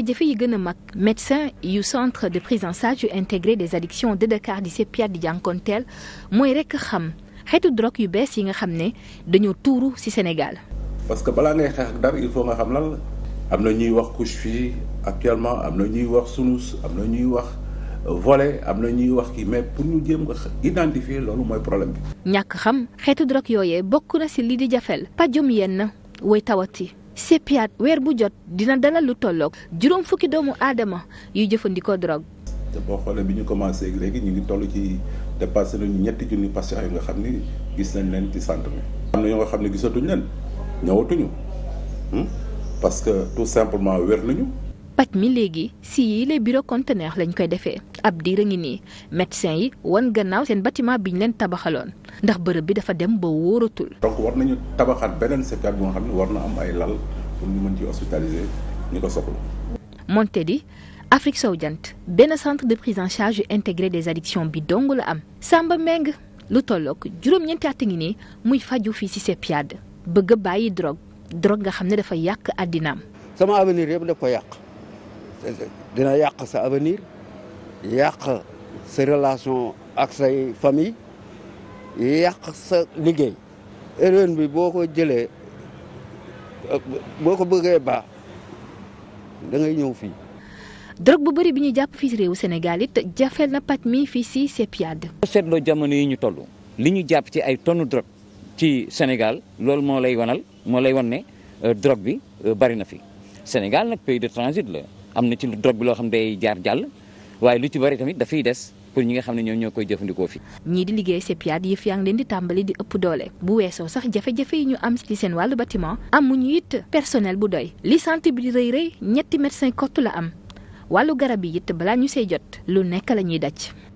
jafe-jafe yi gën a mag médecin yu centre de prise en charge yu intégré des addictions de Dakar di CEPIAT di jànkonteel mooy rekk xam xeetu drogue yu bees yi nga xam ne dañoo tuuru ci Sénégal. parce que bala ngay xeex ak dara il faut nga xam lan la. am na ñuy wax couche fii actuellement am na ñuy wax sunus am na ñuy wax euh, volet am na ñuy wax kii mais pour ñu jéem ko identifier loolu mooy problème bi. ñàkk xam xeetu drogue yooyee bokk na ci lii di jafel pajum yenn way tawati. CEPIAT weer bu jot dina dalal lu tolloog juróom fukki doomu aadama yuy jëfandikoo drogue. te boo xoolee bi ñu commencé léegi ñu ngi toll ci dépassé nañu ñetti junni patients yu nga xam ni gis nañ leen ci centre bi. am na ñoo nga xam ne gisatuñ leen ñëwatuñu hmm? parce que tout simplement wér nañu. paj mi léegi si yi les bureaux conteneurs lañ koy defee ab diir a ngi nii médecin yi wan gannaaw seen bâtiment biñ leen tabaxaloon ndax bërëb bi dafa dem ba wóoratul. donc war nañu tabaxaat beneen secteur bu nga xam ne Afrique sow jant benn centre de prise en charge intégré des addictions bi dong la am. sàmba Meng lu tollook juróom-ñeenti at ngi nii muy faju fii si Sepiade bëgg bàyyi drogue drogue nga xam ne dafa yàq àddinaam. sama avenir yëpp dina yàq sa avenir yàq sa relation ak say famille yàq sa liggéey erreur bi boo ko jëlee boo ko bëggee baax dangay ñëw fii drogue bu bari bi ñuy jàpp fii si réewu Sénégal te jafeel na paj mi fii si CEPIAD seetloo jamono yi ñu toll li ñu jàpp ci ay tonne drogue ci Sénégal loolu moo lay wonal moo lay wan ne euh, drogue bi euh, bari na fi Sénégal nag pays de transit la am na ci drogue bi loo xam ne day jaar jàll waaye lu ci bari tamit dafay des pour ñi nga xam ne ñoom ñoo koy jëfandikoo fi ñii di liggéey CEPIAT yëf yaa ngi leen di tàmbali di ëpp doole bu weesoo sax jafe-jafe yi ñu am ci seen wàllu bâtiment amuñu yitt personnel bu doy li santé bi di rëy rëy ñetti médecin kott la am wàllu garab yi it balaa ñu see jot lu nekk la ñuy daj